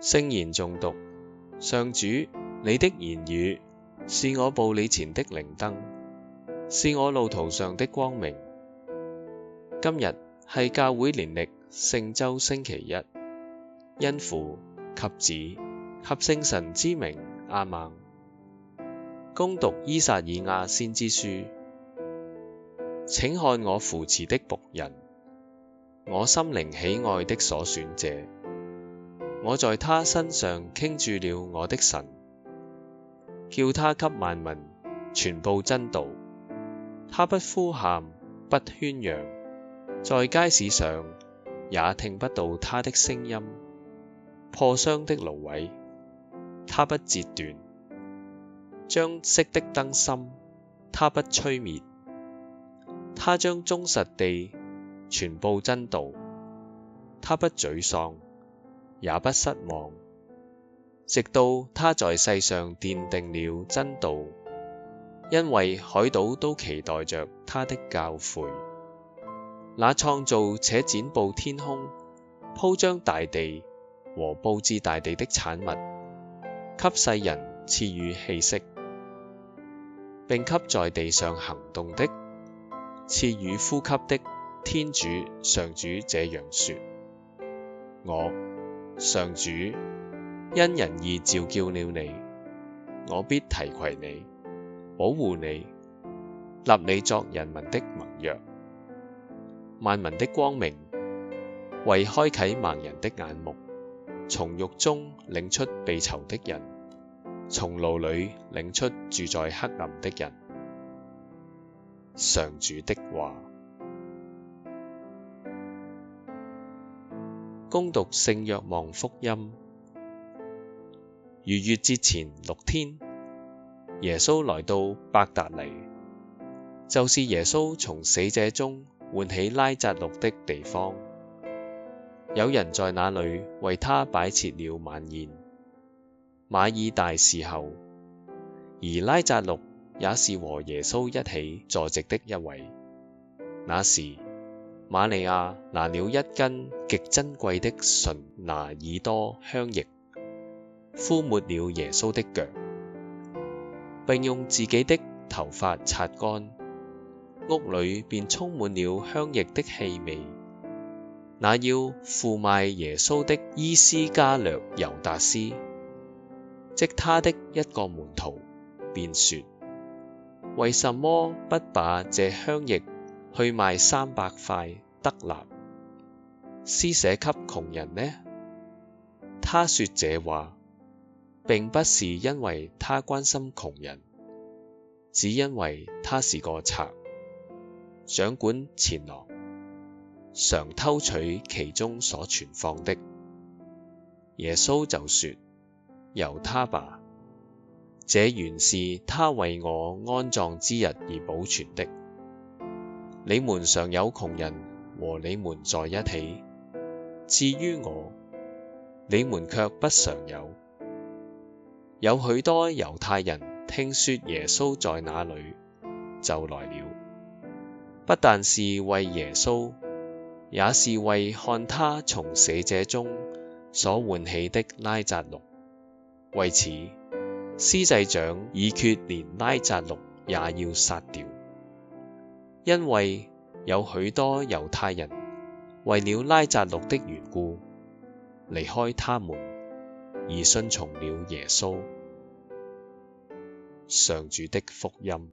聖言中讀，上主，你的言語是我步你前的靈燈，是我路途上的光明。今日係教會年曆聖周星期一，因父及子及聖神之名，阿孟，攻讀伊撒意亞先知書，請看我扶持的僕人，我心靈喜愛的所選者。我在他身上傾注了我的神，叫他給萬民傳布真道。他不呼喊，不喧嚷，在街市上也聽不到他的聲音。破傷的蘆葦，他不折斷；將熄的燈芯，他不吹滅。他將忠實地傳布真道，他不沮喪，也不失望，直到他在世上奠定了真道，因為海島都期待着他的教誨。那創造且展布天空、鋪張大地和布置大地的產物，給世人賜予氣息，並給在地上行動的賜予呼吸的天主、上主這樣說：我。上主因仁義召叫了你，我必提攜你，保護你，立你作人民的盟約，萬民的光明，為開啟盲人的眼目，從獄中領出被囚的人，從牢裏領出住在黑暗的人。上主的話。恭讀聖若望福音。逾越節前六天，耶穌來到伯達尼，就是耶穌從死者中喚起拉匝祿的地方。有人在那裏為他擺設了晚宴。瑪爾大伺侯，而拉匝祿也是和耶穌一起坐席的一位。那時。瑪利亞拿了一斤極珍貴的純拿爾多香液，敷抹了耶穌的腳，並用自己的頭髮擦乾。屋裏便充滿了香液的氣味。那要負賣耶穌的依斯加略猶達斯，即他的一個門徒，便說：為什麼不把這香液去賣三百塊德納，施捨給窮人呢？他說這話，並不是因為他關心窮人，只因為他是個賊，掌管錢囊，常偷取其中所存放的。耶穌就說：由他吧，這原是他為我安葬之日而保存的。你們常有窮人和你們在一起，至於我，你們卻不常有。有許多猶太人聽說耶穌在哪裡，就來了，不但是為耶穌，也是為看他從死者中所喚起的拉扎魯。為此，司祭長已決，連拉扎魯也要殺掉。因為有許多猶太人為了拉匝祿的緣故，離開他們，而信從了耶穌。上主的福音。